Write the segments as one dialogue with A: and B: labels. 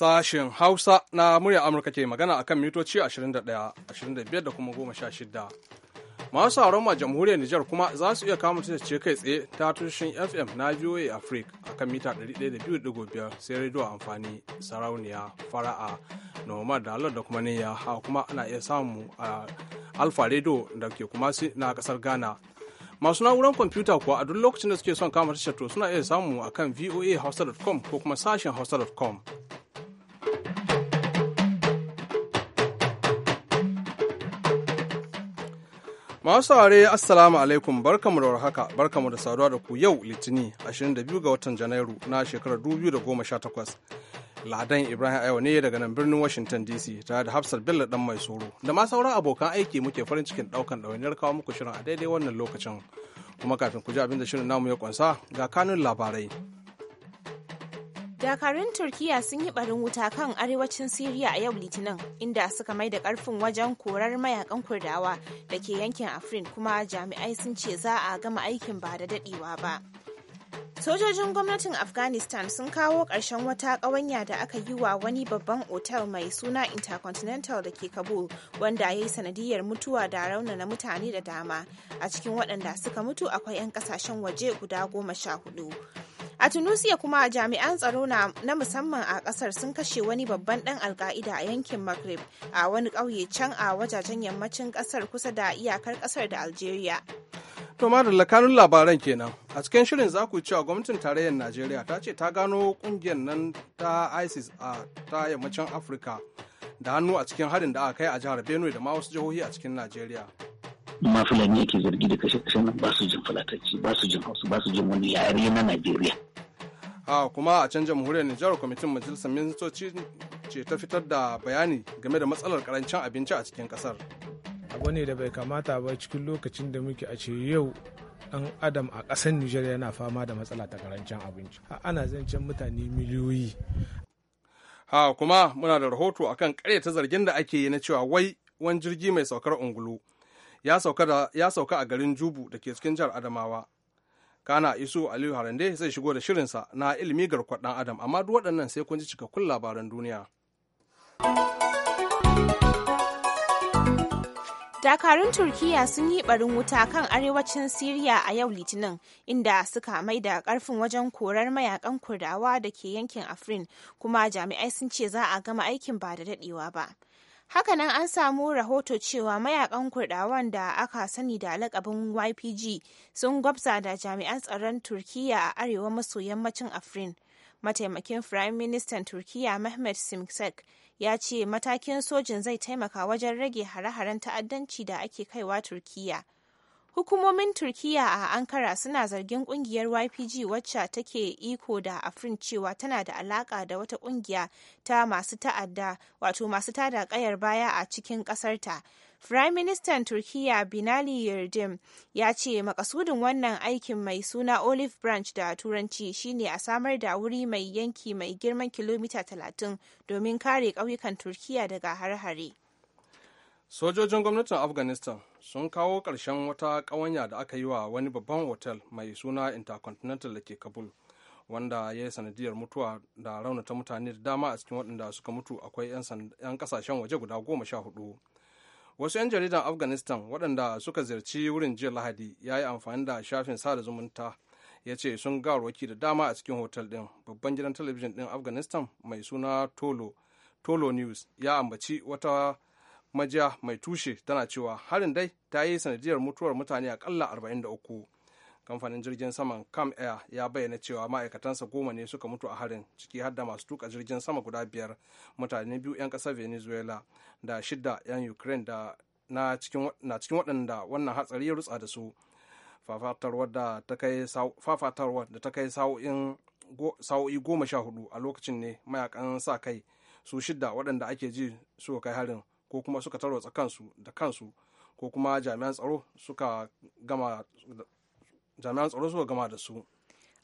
A: Sashen Hausa na murya Amurka ke magana a kan mitoci 21, 25 da kuma 16. Masu sauran ma jamhuriyar Nijar kuma za su iya kama ce kai tsaye ta tushen FM na VOA Africa a kan mita 102.5 sai rediyo amfani sarauniya fara'a noma da da kuma niyya ha kuma ana iya samu a alfa Radio da ke kuma na kasar Ghana. masu na'urar kwamfuta kuwa a duk lokacin da suke son kama tashar to suna iya samu a kan hausa.com ko kuma sashen hausa.com. Masu saurare Assalamu alaikum barkamu da warhaka barkamu da saduwa da ku yau Litini 22 ga watan Janairu na shekarar 2018. Ladan Ibrahim Ayo ne daga nan birnin Washington DC tare da Hafsat Bello dan mai soro da ma sauran abokan aiki muke farin cikin daukan ɗawainiyar kawo muku shirin a daidai wannan lokacin. Kuma kafin ku ji abin da shirin namu ya kwansa ga kanun labarai.
B: dakarun turkiyya sun yi barin wuta kan arewacin siriya a yau litinin inda suka mai da karfin wajen korar mayakan kurdawa da ke yankin afrin kuma jami'ai sun ce za a gama aikin ba da dadewa ba sojojin gwamnatin afghanistan sun kawo ƙarshen wata ƙawanya da aka yi wa wani babban otal mai suna intercontinental da ke kabul wanda ya yi sanadiyar mutuwa da rauna na mutane da dama a cikin waɗanda suka mutu akwai 'yan ƙasashen waje guda goma sha hudu A Tunusia kuma jami'an tsaro na musamman a kasar sun kashe wani babban ɗan alka'ida a yankin Magreb a wani ƙauye can a wajajen yammacin kasar kusa da iyakar kasar da Algeria.
A: To da labaran kenan. A cikin shirin za ku cewa gwamnatin tarayyar Najeriya ta ce ta gano ƙungiyar nan ta ISIS a ta yammacin Afirka da hannu a cikin harin da aka kai a jihar Benue da ma wasu jihohi a cikin Najeriya.
C: ma fulani yake zargi da kashe-kashe nan ba su jin fulatanci ba su jin hausa ba su jin wani yare na najeriya
A: a kuma a can jamhuriyar nijar kwamitin majalisar ministoci ce ta fitar da bayani game da matsalar karancin abinci a cikin kasar
D: abu ne da bai kamata ba cikin lokacin da muke a ce yau dan adam a ƙasar nijar yana fama da matsala ta karancin abinci ana zancen mutane miliyoyi
A: ha kuma muna da rahoto akan ta zargin da ake yi na cewa wai wani jirgi mai saukar ungulu ya sauka a garin jubu da ke cikin jihar adamawa kana iso aliyu harande zai shigo da shirinsa na ilimi garkuwar dan adam amma duk waɗannan sai kun ji cikakkun labaran duniya
B: dakarun turkiya sun yi barin wuta kan arewacin siriya a yau litinin inda suka mai da karfin wajen korar mayakan kurdawa da ke yankin afrin kuma jami'ai sun ce za a gama aikin ba da dadewa ba Hakanan an samu rahoto cewa mayakan kurdawan da aka sani da lakabin YPG sun gwabza da jami'an tsaron Turkiyya a arewa maso yammacin Afrin. Mataimakin Firayim Ministan Turkiyya Mehmet Simsek ya ce matakin sojin zai taimaka wajen rage hare-haren ta'addanci da ake kaiwa Turkiyya. Hukumomin Turkiyya a Ankara suna zargin kungiyar YPG wacce take iko da Afrin cewa tana da alaka da wata kungiya ta masu ta'adda wato masu tada kayar baya a cikin kasarta. Prime Minister Turkiyya Binali Yildirim ya ce makasudin wannan aikin mai suna Olive Branch da Turanci shine a samar da wuri mai yanki mai girman kilomita 30 domin kare ƙauyukan Turkiyya daga
A: har-hare. Sojojin gwamnatin Afghanistan sun kawo ƙarshen wata ƙawanya da aka yi wa wani babban otal mai suna intercontinental da ke kabul wanda ya yi sanadiyar mutuwa da raunata mutane da dama a cikin waɗanda suka mutu akwai 'yan kasashen waje guda goma sha hudu wasu 'yan jaridan afghanistan waɗanda suka ziyarci wurin jiya lahadi ya yi amfani da shafin sada zumunta ya ce sun gawarwaki da dama a cikin hotel ɗin babban gidan talabijin ɗin afghanistan mai suna tolo tolo news ya ambaci wata majiya mai tushe tana cewa harin dai ta yi sanadiyar mutuwar mutane akalla 43 kamfanin jirgin saman cam air ya bayyana cewa ma'aikatansa goma ne suka mutu a harin ciki har masu tuka jirgin sama guda biyar mutane biyu 'yan ƙasar venezuela da shida 'yan ukraine da na cikin waɗanda wannan hatsari ya rutsa da su fafatarwar da ta kai sa'o'i goma sha hudu a lokacin ne mayakan sa kai su shidda waɗanda ake ji suka kai harin ko kuma suka tarwatsa kansu da kansu ko kuma jami'an tsaro suka gama jami'an tsaro suka gama da su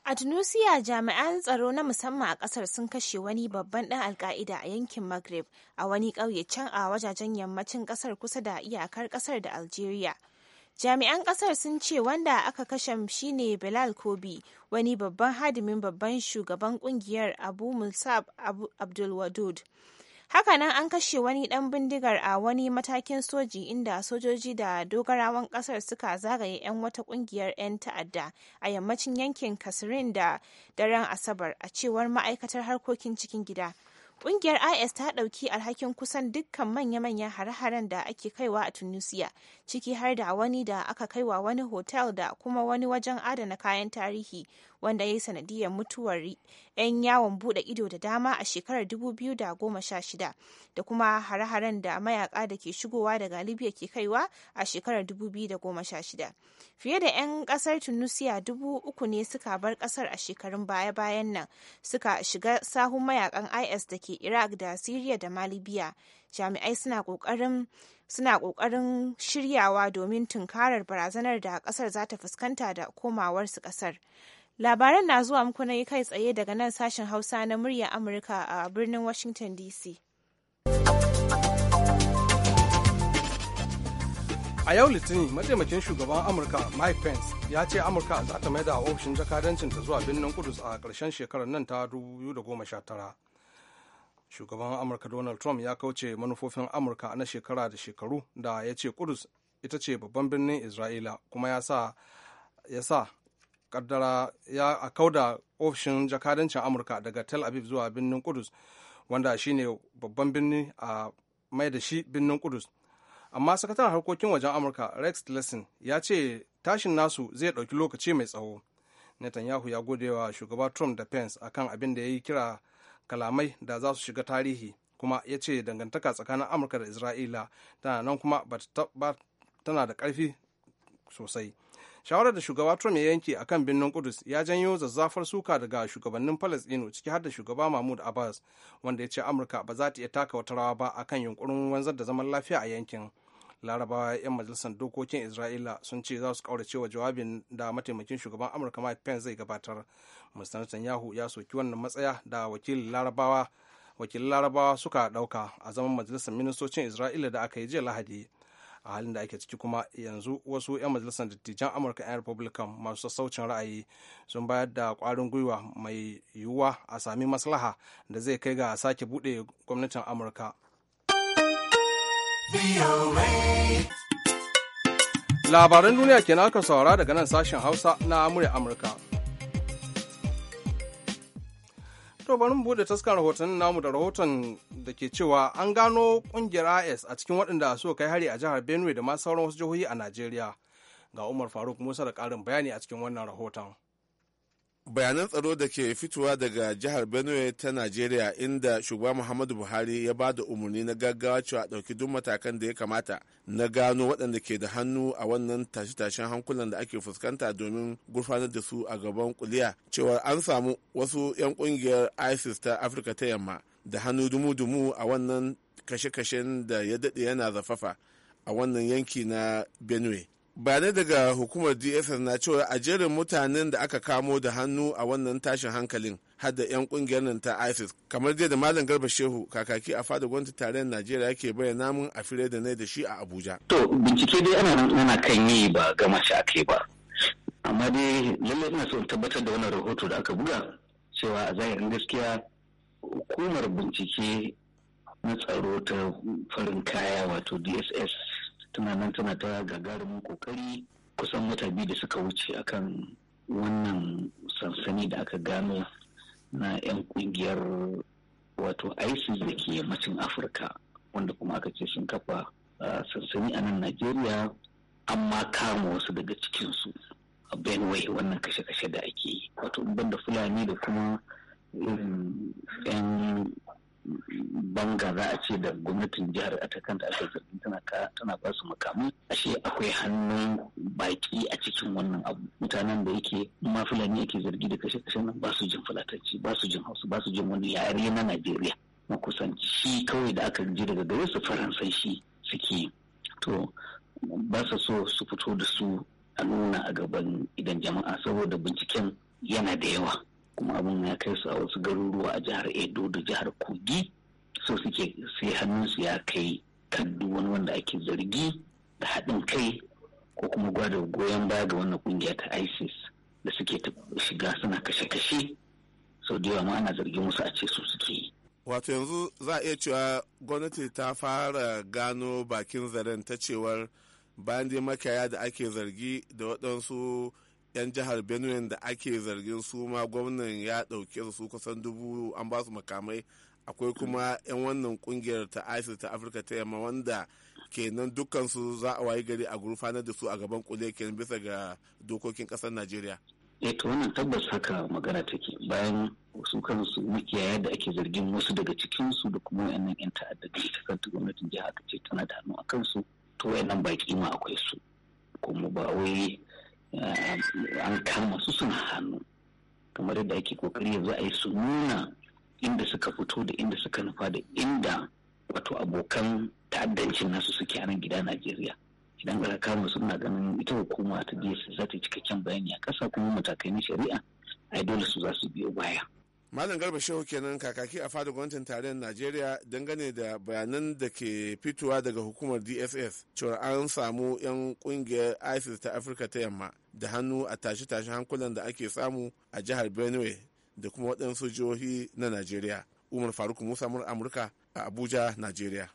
A: a tunisia jami'an
B: tsaro na musamman a kasar sun kashe wani babban dan alka'ida a yankin maghreb a wani ƙauye can a wajajen yammacin kasar kusa da iyakar kasar da algeria jami'an kasar sun ce wanda aka kashe shine bilal kobi wani babban hadimin babban shugaban kungiyar abu musab abdulwadud Hakanan an kashe wani ɗan bindigar a wani matakin soji inda sojoji da dogarawan ƙasar suka zagaye 'yan wata ƙungiyar 'yan ta'adda a yammacin yankin Kasirin da daren Asabar a cewar ma'aikatar harkokin cikin gida. Ƙungiyar IS ta ɗauki alhakin kusan dukkan manya-manyan hare-haren da ake kaiwa a Tunisia, ciki har da wani da aka kaiwa wani hotel da kuma wani wajen adana kayan tarihi wanda ya yi sanadiyar mutuwar 'yan yawon bude ido da dama a shekarar 2016 da kuma hare-haren da mayaka da ke shigowa daga libya ke kaiwa a shekarar 2016 fiye da 'yan kasar tunisia dubu uku ne suka bar kasar a shekarun baya-bayan nan suka shiga sahun mayakan is da ke iraq da syria da ma jami'ai suna kokarin suna kokarin shiryawa domin tunkarar barazanar da kasar za ta fuskanta da komawarsu kasar Labaran na zuwa muku na kai tsaye daga nan sashen Hausa na murya Amurka a birnin Washington DC.
A: A yau Litinin mataimakin shugaban Amurka Mike Pence ya ce Amurka za ta da ofishin jakadancinta zuwa birnin Kudus a ƙarshen shekarar nan ta 2019. Shugaban Amurka Donald Trump ya kauce manufofin Amurka na shekara da shekaru da ya ce Kudus ita ce babban birnin Isra'ila kuma ya sa kaddara ya a kauda ofishin jakadancin amurka daga tel aviv zuwa birnin kudus wanda shine babban birni a mai da shi birnin kudus amma sakataren harkokin wajen amurka rex tillerson ya ce tashin nasu zai ɗauki lokaci mai tsawo netanyahu ya gode wa shugaba trump da pence akan abin da ya yi kira kalamai da za su shiga tarihi kuma ya ce dangantaka tsakanin amurka da isra'ila tana nan kuma tana da ƙarfi sosai shawarar da shugaba trump ya yanke akan birnin kudus ya janyo zazzafar suka daga shugabannin palestino ciki har da shugaba mahmud abbas wanda ya ce amurka ba za ta iya taka wata rawa ba akan yunkurin wanzar da zaman lafiya a yankin larabawa 'yan majalisar dokokin isra'ila sun ce za su kaurace wa jawabin da mataimakin shugaban amurka mike pence zai gabatar mr netanyahu ya soki wannan matsaya da wakilin larabawa wakilin larabawa suka dauka a zaman majalisar ministocin isra'ila da aka yi jiya lahadi a halin da ake ciki kuma yanzu wasu 'yan majalisar dattijan amurka 'yan republican masu sassaucin ra'ayi sun bayar da kwarin gwiwa mai yiwuwa a sami maslaha da zai kai ga sake buɗe gwamnatin amurka labaran duniya kenan aka saurara daga nan sashen hausa na amurka To bari mu bude taskar rahoton namu da rahoton da ke cewa an gano kungiyar IS a cikin waɗanda su kai hari a jihar Benue da ma sauran wasu jihohi a Najeriya. Ga Umar Faruk Musa da ƙarin bayani a cikin wannan rahoton.
E: bayanan tsaro da ke fitowa daga jihar benue ta nigeria inda shugaba muhammadu buhari ya ba da umarni na gaggawa cewa ɗauki duk matakan da ya kamata na gano waɗanda ke da hannu a wannan tashe-tashen hankulan da ake fuskanta domin gurfanar da su a gaban kuliya cewa an samu wasu 'yan ƙungiyar isis ta afirka ta yamma da hannu dumu-dumu a wannan kashe-kashen da ya daɗe yana zafafa a wannan yanki na benue ba ne daga hukumar dss na cewa a jerin mutanen da aka kamo da hannu a wannan tashin hankalin har 'yan kungiyar nan ta isis kamar dai da malam garba shehu kakaki a fada gwamnati tarayyar najeriya yake bayyana mun a fire da nai da shi a abuja to
C: bincike dai ana ana kan yi
E: ba gama shi ake ba amma dai lallai ina so tabbatar da wannan rahoto da aka buga cewa a
C: zahirin gaskiya hukumar bincike na tsaro ta farin kaya wato dss tana nan tana ta gagarumin kokari kusan mata biyu da suka wuce akan wannan sansani da aka gano na 'yan kungiyar wato isis da ke yammacin afirka wanda kuma aka ce sun kafa sansani a nan najeriya amma kama wasu daga cikinsu a benway wannan kashe-kashe da ake yi wato banda fulani da kuma irin 'yan banga za a ce da gwamnatin jihar a kanta aka zargin tana ba su makamu ashe akwai hannun baki a cikin wannan abu mutanen da yake ma fulani yake zargi da kashe kashe nan ba su jin fulatanci ba su jin hausa ba su jin wani yare na najeriya na kusan shi kawai da aka ji daga gare su faransanci suke to ba su so su fito da su a nuna a gaban idan jama'a saboda binciken yana da yawa kuma abin ya kai su a wasu garuruwa a jihar edo da jihar kogi so suke sai su ya kai kan wani wanda ake zargi da haɗin kai ko kuma gwada goyon baya ga wannan kungiya ta isis da suke shiga suna kashe-kashe sau da yawa ma ana zargin musu a ce su suke yi
E: wato yanzu za a iya cewa gwamnati ta fara gano bakin zaren ta cewar bayan da makiyaya da ake zargi da waɗansu 'yan jihar benue da ake zargin su ma gwamnan ya ɗauke su kusan dubu an ba su makamai akwai kuma 'yan wannan kungiyar ta isis ta afirka ta yamma wanda kenan dukkansu za a wayi gari a gurfanar da su a gaban kule kenan bisa ga dokokin kasar najeriya
C: eh, to wannan tabbas haka magana take bayan su kansu makiyaya da ake zargin wasu daga cikinsu da kuma wayannan 'yan ta'adda da ita kanta gwamnatin jiha ta ce tana da hannu a kansu to wayannan baki ma akwai su kuma ba wai an kama su suna hannu kamar yadda ake kokari yanzu a yi su nuna inda suka fito da inda suka nufa da inda wato abokan ta'addancin nasu suke a nan gida najeriya idan aka kama su suna ganin ita hukuma ta je za ta cikakken bayani a ƙasa kuma matakai na shari'a a dole su za su biyo baya
E: malam garba shehu kenan kakaki a fadar gwamnatin tarayyar najeriya dangane da bayanan da ke fitowa daga hukumar dss cewa an samu 'yan kungiyar isis ta afirka ta yamma da hannu a tashe-tashen hankulan da ake samu a jihar benue da kuma waɗansu jihohi na najeriya umar faruk musa amurka a abuja najeriya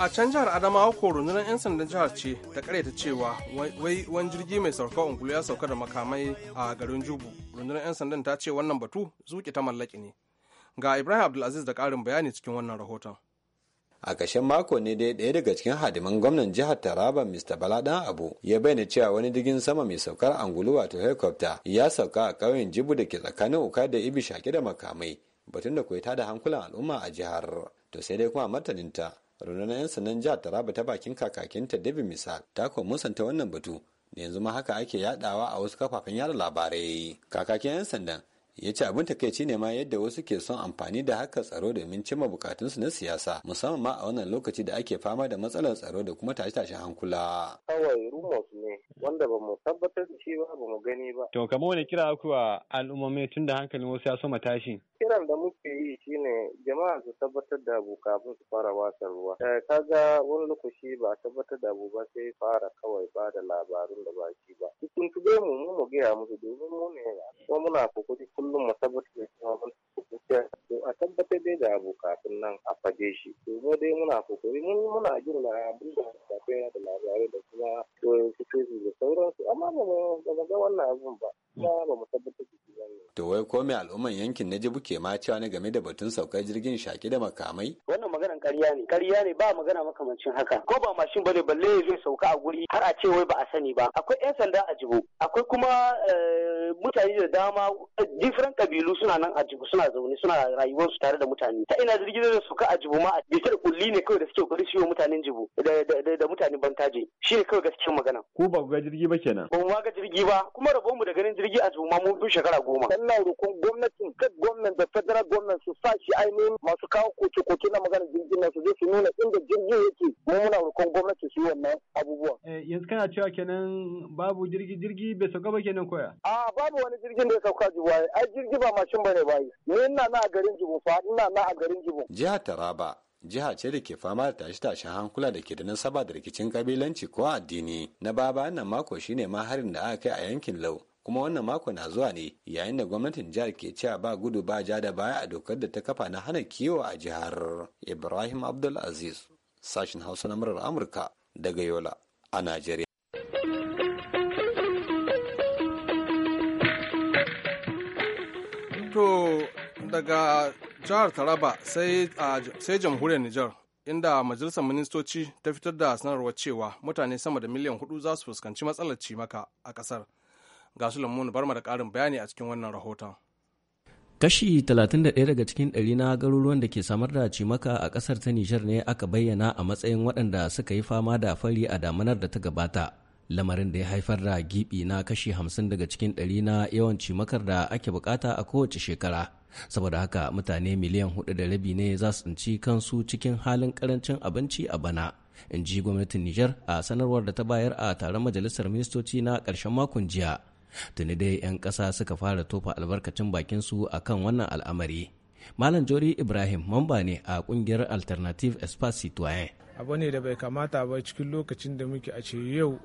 A: a can jihar adamawa ko rundunar 'yan sandan jihar ce ta karyata cewa wai wani jirgi mai sauka ungulu ya sauka da makamai a garin jubu rundunar 'yan sandan ta ce wannan batu zuki ta mallaki ne ga ibrahim abdulaziz da karin bayani cikin wannan rahoton
F: a ƙarshen mako ne dai ɗaya daga cikin hadiman gwamnan jihar taraba mr baladan abu ya bayyana cewa wani jirgin sama mai saukar angulu wato helicopter ya sauka a ƙauyen jibu da ke tsakanin uka da ibi shaki da makamai batun da kuwa da hankulan al'umma a jihar to sai dai kuma martaninta rundunar 'yan sandan jihar taraba ta bakin kakakinta david misal ta kuma musanta wannan batu da yanzu ma haka ake yadawa a wasu kafafen yada labarai kakakin 'yan sandan ya ce abin takaici ne ma yadda wasu ke son amfani da haka tsaro domin cimma bukatunsu na siyasa musamman ma a wannan lokaci da ake fama da matsalar tsaro da kuma tashe-tashen hankula.
G: Kawai rumors ne wanda ba mu tabbatar da shi ba ba mu gani ba. To
F: kamar wani kira a al'ummomi tun da hankalin wasu ya so tashi.
G: Kiran da muke yi shine jama'a su tabbatar da abu kafin su fara wasan ruwa. Eh, Kaga wani lokaci ba a tabbatar da abu ba sai fara kawai ba da labarun da ba shi ba. Kun mu mu gaya musu domin mu ne kuma muna kokari kullum mu tabbatar da cewa mun to a tabbatar dai da abu kafin nan a faje shi to mu dai muna kokari mun muna jin abin da kai da labarai da kuma to su da sauransu amma ba mu ga wannan abun ba gaskiya
F: to wai ko me al'umman yankin na jibu ke ma cewa ne game da batun saukar jirgin shaki da makamai
C: wannan maganan ƙarya ne ƙarya ne ba magana makamancin haka ko ba mashin bane balle zai sauka a guri har a ce wai ba a sani ba akwai yan sanda a jibu
G: akwai kuma eh, mutane da dama different kabilu suna nan a jibu suna zaune suna rayuwarsu tare da mutane ta ina jirgin da sauka a jibu ma a da kulli ne kawai da suke kuri siyo mutanen jibu da mutanen bantaje shi ne kawai gaskiyar magana
H: ku ba ku ga jirgi ba kenan ba
G: mu ga jirgi ba kuma rabon mu da ganin jirgi jirgi a tuma mun fi shekara goma. na rukun gwamnatin state gwamnan da federal gwamnan su sa shi ainihin masu kawo koke-koke na magana jirgin na su je su nuna inda jirgi yake mu muna rukun gwamnati su wannan abubuwan.
F: Eh, yanzu kana cewa kenan babu jirgi jirgi bai sauka ba kenan koya. A babu wani jirgin da ya sauka a ai jirgi ba mashin bane bayi ni ina
G: na a garin jibu fa ina na a garin jibu.
F: Jiha Taraba jiha ce da ke fama da tashe-tashen hankula da ke da nasaba da rikicin kabilanci ko addini na baba nan mako shine ma harin da aka kai a yankin lau kuma wannan mako na zuwa ne yayin da gwamnatin jihar ke cewa ba gudu ba ja da baya a dokar da ta kafa na hana kiwo a jihar ibrahim abdul aziz sashen hausa na murar amurka daga yola a najeriya
A: to daga jihar taraba sai jamhuriyar nijar inda majalisar ministoci ta fitar da sanarwar cewa mutane sama da miliyan hudu za su fuskanci matsalar cimaka a kasar ga su lamuni bar da ƙarin bayani a cikin wannan rahoton
I: kashi 31 daga cikin ɗari na garuruwan da ke samar da cimaka a ƙasar ta nijar ne aka bayyana a matsayin waɗanda suka yi fama da fari a damanar da ta gabata lamarin da ya haifar da gibi na kashi 50 daga cikin ɗari na yawan cimakar da ake bukata a kowace shekara saboda haka mutane miliyan hudu da rabi ne za su tsinci kansu cikin halin karancin abinci a bana in ji gwamnatin nijar a sanarwar da ta bayar a taron majalisar ministoci na ƙarshen makon jiya tuni dai 'yan ƙasa suka fara tofa albarkacin bakin su akan wannan al'amari malam jori ibrahim mamba ne a ƙungiyar alternative espace citoyen
D: abu ne da bai kamata ba cikin lokacin da muke a ce yau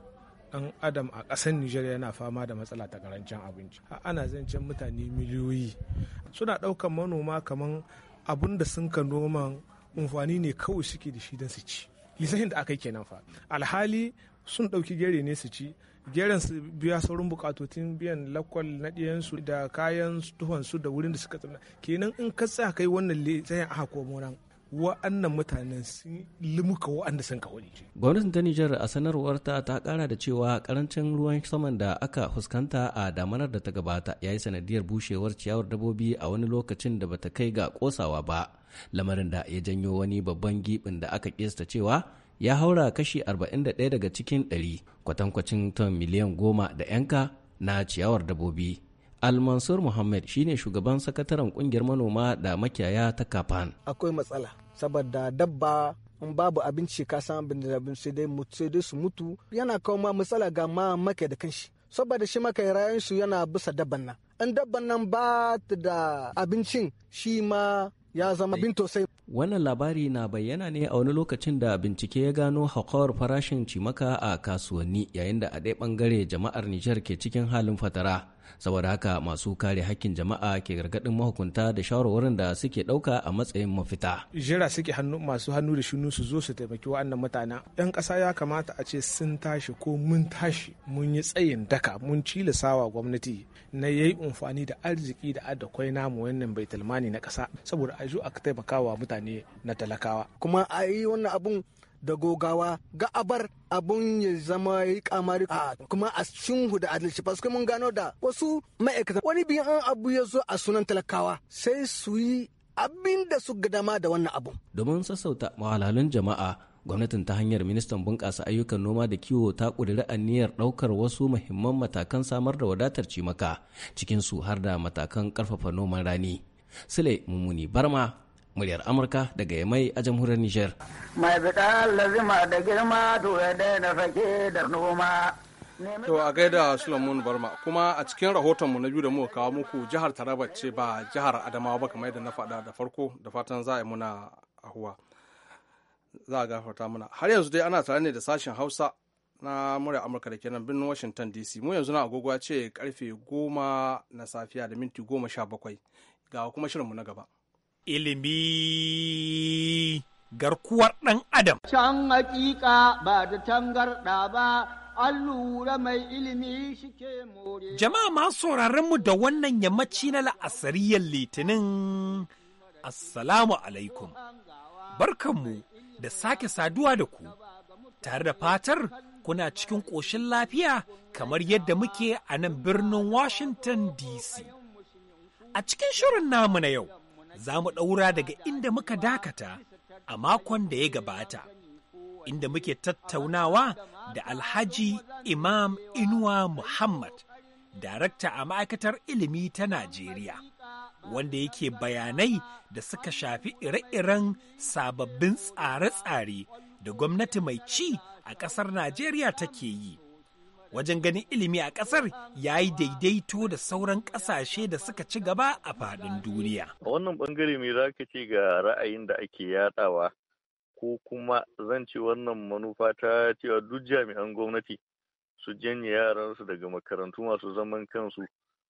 D: ɗan adam a ƙasar nijar yana fama da matsala ta karancin abinci ana zancen mutane miliyoyi suna ɗaukan manoma kamar abun da sun ka noman amfani ne kawai suke da shi don su ci Lissafin da aka yi kenan fa alhali sun ɗauki gere ne su ci jeran su biya saurin bukatotin biyan lakwal na ɗiyansu da kayan tuhonsu da wurin da suka tsana kenan in ka sa kai wannan tsayin aka komo nan wa'annan mutanen sun limuka wa'anda sun kawai.
I: Gwamnatin ta Nijar a sanarwar ta ta kara da cewa karancin ruwan saman da aka fuskanta a damanar da ta gabata ya yi sanadiyar bushewar ciyawar dabbobi a wani lokacin da bata kai ga kosawa ba, lamarin da ya janyo wani babban gibin da aka kesta cewa ya haura kashi 41 daga cikin 100 kwatankwacin ton miliyan goma da yanka na ciyawar dabobi. Almansur Muhammad shine shugaban sakataren kungiyar manoma da makiyaya ta Kafan. Akwai matsala saboda dabba in babu abinci ka san abin da sai dai sai dai su mutu yana kawo ma matsala ga ma maka da kanshi saboda shi maka rayan yana bisa dabban nan in dabban nan ba ta da abincin shi ma ya zama bin tosai. Wannan labari na bayyana ne a wani lokacin da bincike ya gano hakawar farashin cimaka a kasuwanni yayin da a ɗaya ɓangare jama'ar Nijar ke cikin halin fatara. saboda haka masu kare hakkin jama'a ke gargadin mahukunta da shawarwarin da suke dauka a matsayin mafita
D: jira suke hannu masu hannu da shinu su zo su taimaki wa'annan mutanen yan kasa ya kamata a ce sun tashi ko mun tashi mun yi tsayin daka mun cila sawa gwamnati na yayi amfani da arziki da adakwai namu wannan bai talmani na kasa saboda a zo a wa mutane na talakawa kuma a yi wannan abun
I: da gogawa ga abar abun ya zama ya yi kamari a kuma a cin da adalci paske mun gano da wasu ma'aikatan wani biyan an abu ya zo a sunan talakawa sai su yi abin da su ga dama da wannan abu Domin sassauta mahalalun jama'a gwamnatin ta hanyar ministan bunƙasa ayyukan noma da kiwo ta ƙudiri aniyar ɗaukar wasu muhimman matakan samar da wadatar cimaka cikin su har da matakan ƙarfafa noman rani. Sule Mummuni Barma muryar amurka daga yamai a jamhuriyar niger
A: mai fita lazima da girma to ya daina fake da noma To a gaida Sulamun Barma kuma a cikin rahotonmu na biyu da muka kawo muku jihar Taraba ce ba jihar Adamawa ba kamar yadda na faɗa da farko da fatan za a yi muna huwa. Za a gafarta muna. Har yanzu dai ana tare ne da sashen Hausa na murya Amurka da kenan birnin Washington DC. Mu yanzu na agogo ce karfe goma na safiya da minti goma sha bakwai. Ga kuma shirin mu na gaba.
J: ilimi garkuwar ɗan adam.
A: Can
I: hakika ba da tangarɗa ba, an lura mai ilimi shi ke
J: more. Jama'a ma mu da wannan yammaci na la'asariyar litinin, Assalamu alaikum. Barkanmu da sake saduwa da ku, tare da fatar kuna cikin ƙoshin lafiya kamar yadda muke a nan birnin Washington DC. A cikin shirin namu na yau. za mu ɗaura daga inda muka dakata a makon da ya gabata, inda muke tattaunawa da Alhaji Imam Inuwa Muhammad, darakta a ma'aikatar ilimi ta Najeriya, wanda yake bayanai da suka shafi ire-iren sababbin tsare-tsare da gwamnati mai ci a ƙasar Najeriya take yi wajen ganin ilimi a ƙasar ya yi daidaito da sauran ƙasashe da suka ci gaba a faɗin duniya.
H: A wannan ɓangare me za ka ce ga ra'ayin da ake yaɗawa ko kuma zan ce wannan manufa ta cewa duk jami'an gwamnati su janye yaransu daga makarantu masu zaman kansu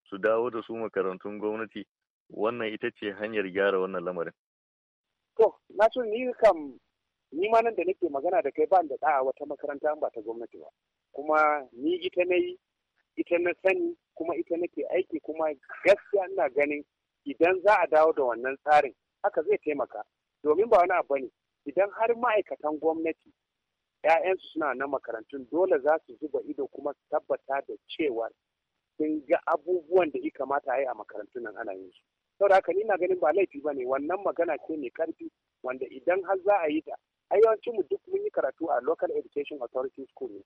H: su dawo da su makarantun gwamnati wannan ita ce hanyar gyara wannan lamarin.
G: To, na ni ni ma nan da nake magana da kai ba da ɗaya wata makaranta ba ta gwamnati ba. kuma ni ita na yi ita na sani kuma ita nake aiki kuma gaskiya ina ganin idan za a dawo da wannan tsarin haka zai taimaka domin ba wani abu ne idan har ma'aikatan gwamnati 'ya'yansu suna na makarantun dole za su zuba ido kuma tabbata da cewa sun ga abubuwan da ya kamata a yi a makarantun nan ana yin su saboda haka ni na ganin ba laifi ba ne wannan magana ce mai karfi wanda idan har za a yi ta ayyancinmu yawancin mu duk mun yi karatu a local education authority school ne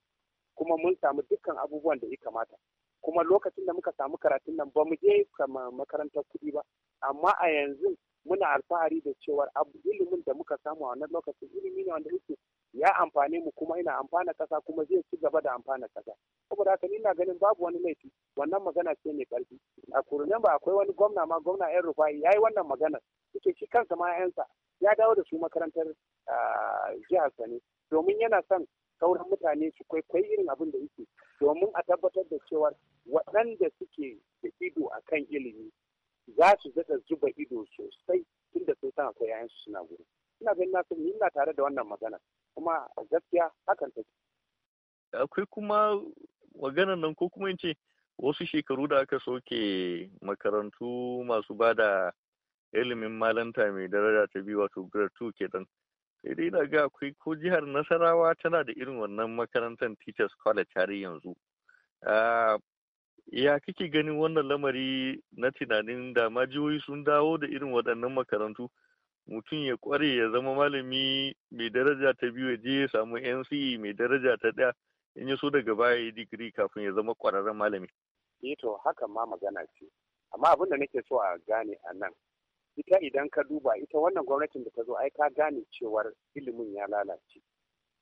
G: kuma mun samu dukkan abubuwan da ya kamata kuma lokacin da muka samu karatun nan ba mu je makarantar kuɗi ba amma a yanzu muna alfahari da cewar ilimin da muka samu a wannan lokacin ilimi ne wanda yake ya amfane mu kuma ina amfana ƙasa kuma zai ci gaba da amfana ƙasa saboda haka ni ganin babu wani laifi wannan magana ce mai ƙarfi a kurunan ba akwai wani gwamna ma gwamna yan rufai ya yi wannan maganar suke shi kansa ma yansa ya dawo da su makarantar ah, jihar sani domin yana son sauran mutane su kwaikwayi irin abin da yake domin a tabbatar da cewa waɗanda suke da ido a kan ilimi za su zata zuba ido sosai tunda sun san akwai yayan su suna gudu ina ganin na sun ina tare da wannan magana kuma gaskiya hakan take
H: akwai kuma maganan nan ko kuma in ce wasu shekaru da aka soke makarantu masu bada ilimin malanta mai daraja ta biyu wato grade 2 kenan sai dai ga akwai ko jihar nasarawa tana da irin wannan makarantar teachers college har yanzu ya kake ganin wannan lamari na tunanin da ma sun dawo da irin waɗannan makarantu mutum ya ƙware ya zama malami mai daraja ta biyu ya je ya samu nce mai daraja ta ɗaya in ya so daga baya ya digiri kafin ya zama kwararren malami.
G: eh to haka ma magana ce amma abin da nake so a gane a nan ita idan ka duba ita wannan gwamnatin da ta zo ai ka gane cewar ilimin ya lalace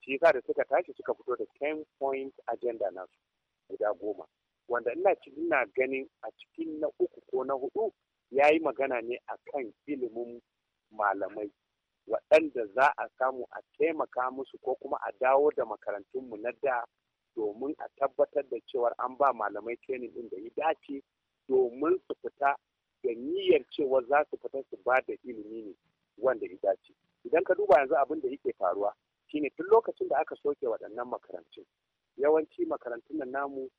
G: shi yasa da suka tashi suka fito da 10 point agenda nasu guda goma wanda ina ina ganin a cikin na uku ko na hudu ya yi magana ne a kan ilimin malamai waɗanda za a samu a taimaka musu ko kuma a dawo da makarantunmu na da domin a tabbatar da cewar an ba malamai training ɗin da ya dace domin su fita da niyyar cewa za su fita su ba da ilimi ne wanda ya dace idan ka duba yanzu abin da yake faruwa shine tun lokacin da aka soke waɗannan makarantun yawanci makarantun nan namu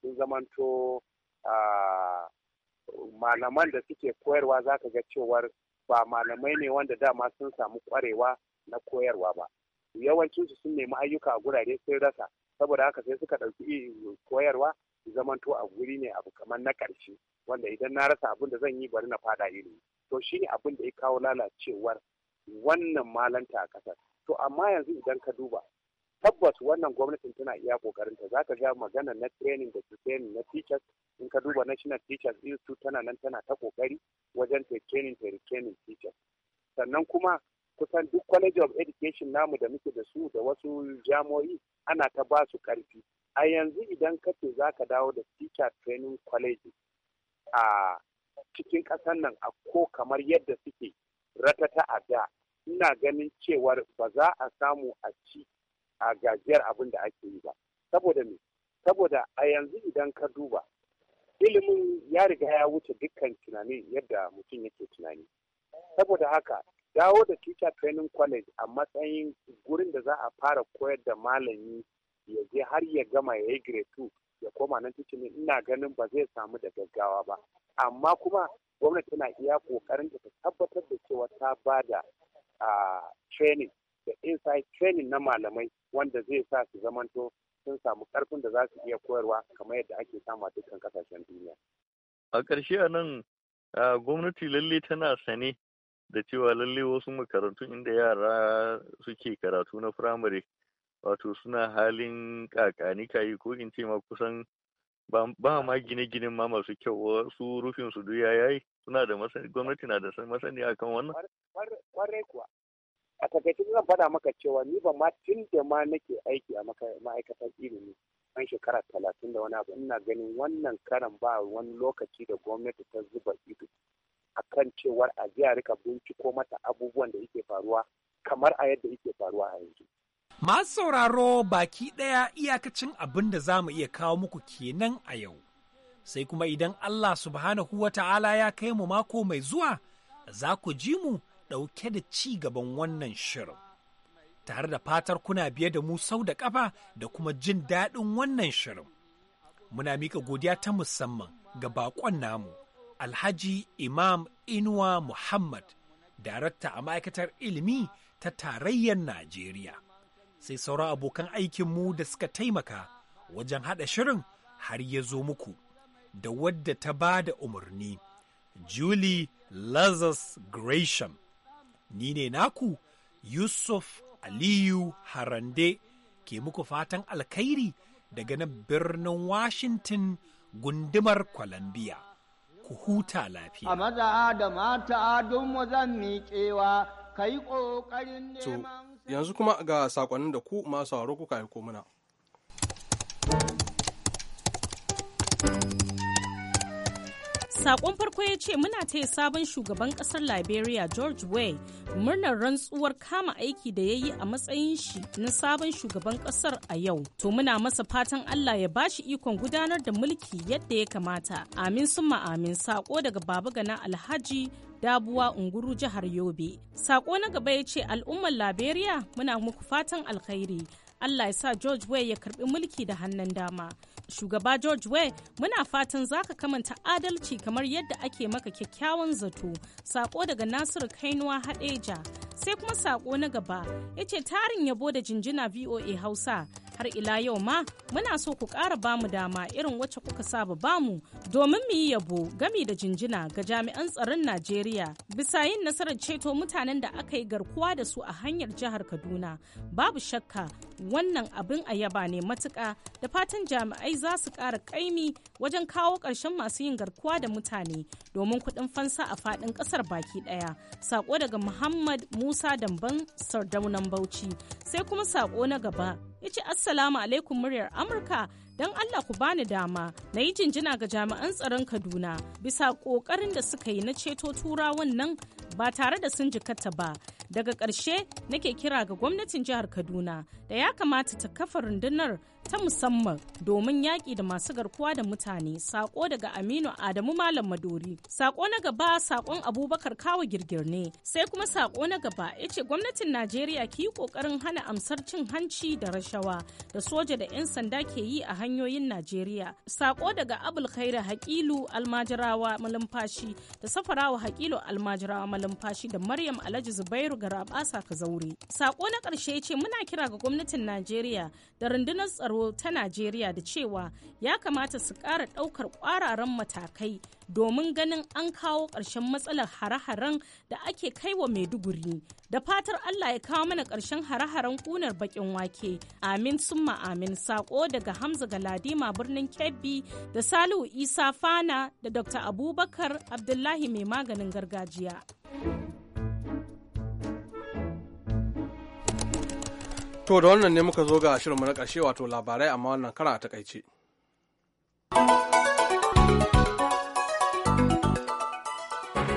G: sun zamanto malaman da suke koyarwa za ka ga cewar ba malamai ne wanda dama sun samu kwarewa na koyarwa ba yawancinsu sun nemi ayyuka a gurare sun rasa saboda haka sai suka ɗauki koyarwa zamanto a guri ne abu kamar na ƙarshe wanda idan na rasa abin da zan yi bari na fada ilimi to shi ne abin da ya kawo lalacewar wannan malanta a ƙasar to amma yanzu idan ka duba tabbas wannan gwamnatin tana iya kokarin ta zaka ga magana na training da training na teachers in ka duba national teachers institute tana nan tana ta kokari wajen ta training ta training teachers sannan kuma kusan duk college of education namu da muke da su da wasu jami'o'i ana ta ba su karfi a yanzu idan ka ce za ka dawo da teacher training college a cikin ƙasar nan a ko kamar yadda suke ratata a da ina ganin cewar ba za a samu a ci a gajiyar abin da ake yi ba saboda me saboda a yanzu idan ka duba ilimin ya riga ya wuce dukkan tunani yadda mutum yake tunani saboda haka dawo da teacher training college a matsayin gurin da za a fara koyar da malami ya je har ya gama ya yi grade 2 ya koma nan cikin ina ganin ba zai samu da gaggawa ba amma kuma gwamnati tana iya kokarin ta tabbatar da cewa ta ba da training da inside training na malamai wanda zai sa su zamanto sun samu karfin da za su iya koyarwa kamar yadda ake sama a dukkan kasashen duniya.
H: A ƙarshe a nan gwamnati lalle tana sane da cewa lalle wasu makarantu inda yara suke karatu na firamare wato suna halin kakani kayi ko in ce ma kusan ba ma gine gine ma masu kyau su rufin su duya yayi suna da masani gwamnati na da masani akan wannan
G: kwarai kuwa a takaice zan faɗa maka cewa ni ba ma tun da ma nake aiki a ma'aikatar ilimi an shekara talatin da wani abu ina ganin wannan karan ba wani lokaci da gwamnati ta zuba ido a kan cewar a jiya rika binciko mata abubuwan da yake faruwa kamar a yadda yake faruwa a yanzu
J: Masu sauraro baki ɗaya iyakacin abin da za mu iya kawo muku kenan a yau. Sai kuma idan Allah subhanahu wa ta'ala ya kai mu mako mai zuwa, za ku ji mu ɗauke da ci gaban wannan shirin. Tare da fatar kuna biye da mu sau da ƙafa da kuma jin daɗin wannan shirin. Muna mika godiya ta musamman ga baƙon namu, Alhaji Imam Inuwa Muhammad, darakta a ma'aikatar ilimi ta tarayyar Najeriya. sai sauran abokan aikinmu da suka taimaka wajen haɗa shirin har ya zo muku da wadda ta ba da umarni Julie Lazarus Gresham. Ni ne naku Yusuf Aliyu Harande ke muku fatan alkhairi daga nan birnin Washington
A: gundumar Columbia. Ku huta lafiya.
J: A
C: maza da mata
I: don mu zan miƙewa, ka ƙoƙarin
A: neman yanzu kuma ga sakonnin da ku masu sauraro kuka aiko mana.
K: Sakon farko ya ce muna taya sabon shugaban kasar Liberia George Way murnar rantsuwar kama aiki da ya yi a matsayin shi na sabon shugaban kasar a yau. To muna masa fatan Allah ya ba shi ikon gudanar da mulki yadda ya kamata. Amin summa amin sako daga babu gana Alhaji Dabuwa Unguru jihar Yobe. Sako na gaba ya ce al'ummar Liberia muna muku fatan alkhairi. Allah ya sa George Way ya karbi mulki da hannun dama. Shugaba George Way muna fatan za ka kamanta adalci kamar yadda ake maka kyakkyawan zato. Sako daga Nasiru Kainuwa Hadeja. Sai kuma sako na gaba ya ce tarin yabo da jinjina VOA Hausa har ila yau ma muna so ku ƙara bamu dama irin wacce kuka saba bamu domin mu yi yabo gami da jinjina ga jami'an tsaron Najeriya bisa yin nasarar ceto mutanen da aka yi garkuwa da su a hanyar jihar Kaduna. Babu shakka wannan abin a yaba ne matuƙa da fatan jami'ai za su ƙara ƙaimi wajen kawo ƙarshen masu yin garkuwa da mutane domin kuɗin fansa a faɗin ƙasar baki ɗaya saƙo daga muhammad musa damban sardaunan bauchi sai kuma saƙo na gaba ya ce assalamu alaikum muryar amurka don allah ku bani dama na yi jinjina ga jami'an tsaron kaduna bisa ƙoƙarin da suka yi na ceto turawan nan ba tare da sun jikata ba daga ƙarshe nake kira ga gwamnatin jihar kaduna da ya kamata ta kafa rundunar ta musamman domin yaƙi da masu garkuwa da mutane sako daga aminu adamu malam madori sako na gaba sakon abubakar kawo girgir ne sai kuma sako na gaba ya ce gwamnatin najeriya ki yi ƙoƙarin hana amsar cin hanci da rashawa da soja da 'yan sanda ke yi a hanyoyin najeriya sako daga abul khairu hakilu almajirawa malumfashi da safarawa hakilu almajirawa malumfashi da maryam alhaji zubairu saka zaure. sako na ƙarshe ya ce muna kira ga gwamnatin najeriya da rundunar tsaro ta Najeriya da cewa ya kamata su ƙara ɗaukar ƙwararan matakai domin ganin an kawo ƙarshen matsalar hare-haren da ake kai wa Maiduguri. Da fatar Allah ya kawo mana ƙarshen hare-haren ƙunar baƙin wake. Amin summa amin saƙo daga Hamza Galadima birnin Kebbi da Salihu Isa Fana da Dr. Abubakar Abdullahi mai maganin gargajiya.
A: To da wannan ne muka zo ga shirinmu na ƙarshe wato labarai amma wannan kara a takaice.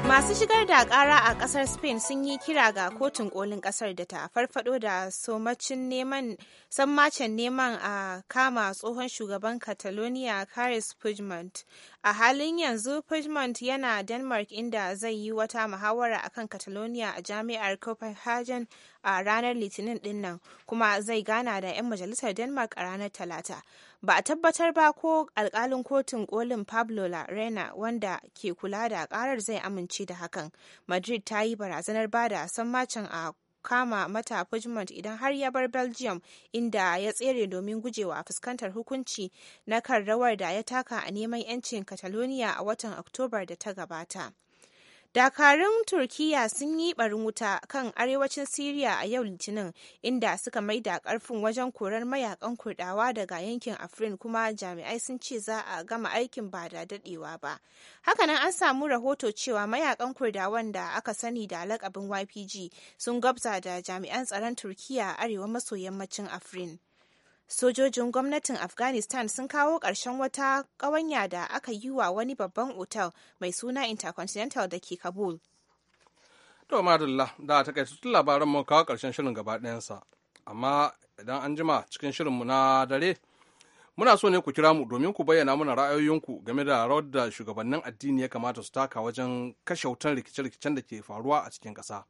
B: Masu shigar da kara a kasar Spain sun yi kira ga kotun kolin ƙasar da ta farfado da somacin neman sammacin neman a kama tsohon shugaban Catalonia Carles Puigdemont. A halin yanzu Puigdemont yana Denmark inda zai yi wata muhawara a kan Catalonia a jami'ar Copenhagen a ranar Litinin dinnan kuma zai gana da 'yan majalisar Denmark a ranar Talata. ba a tabbatar ba ko alkalin kotun kolin pablo larena wanda ke kula da karar zai amince da hakan madrid ta yi barazanar bada macin a kama mata Puigdemont idan har ya bar Belgium inda ya tsere domin gujewa fuskantar hukunci na kan rawar da ya taka a neman 'yancin Catalonia a watan Oktobar da ta gabata. dakarun turkiyya sun yi barin wuta kan arewacin siriya a yau litinin inda suka mai da karfin wajen korar mayakan kurdawa daga yankin afrin kuma jami'ai sun ce za a gama aikin ba da dadewa ba hakanan an samu rahoto cewa mayakan kurdawan da aka sani da lakabin ypg sun gwabza da jami'an tsaron turkiyya a arewa maso yammacin afrin sojojin gwamnatin afghanistan sun kawo ƙarshen wata ƙawanya da aka yi wa wani babban otal mai suna intercontinental da ke kabul
A: to madalla da ta kai labaran mu kawo ƙarshen shirin gaba ɗayansa amma idan an jima cikin shirinmu na dare muna so ne ku kira mu domin ku bayyana mana ra'ayoyinku game da rawar da shugabannin addini ya kamata su taka wajen kashe wutan rikice-rikicen da ke faruwa a cikin ƙasa.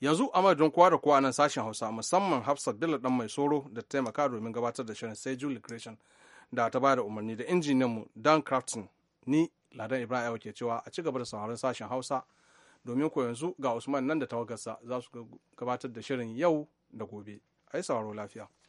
A: yanzu a madadin kowa da kowa nan sashen hausa musamman hafsat dila dan mai soro da taimaka domin gabatar da shirin sai julie creation da ta bada umarni da injiniyan mu dan crafton ni ladan ibrahim ke cewa a ci gaba da sauraron sashen hausa domin ko yanzu ga usman nan da tawagarsa za su gabatar da shirin yau da gobe a yi sauraro lafiya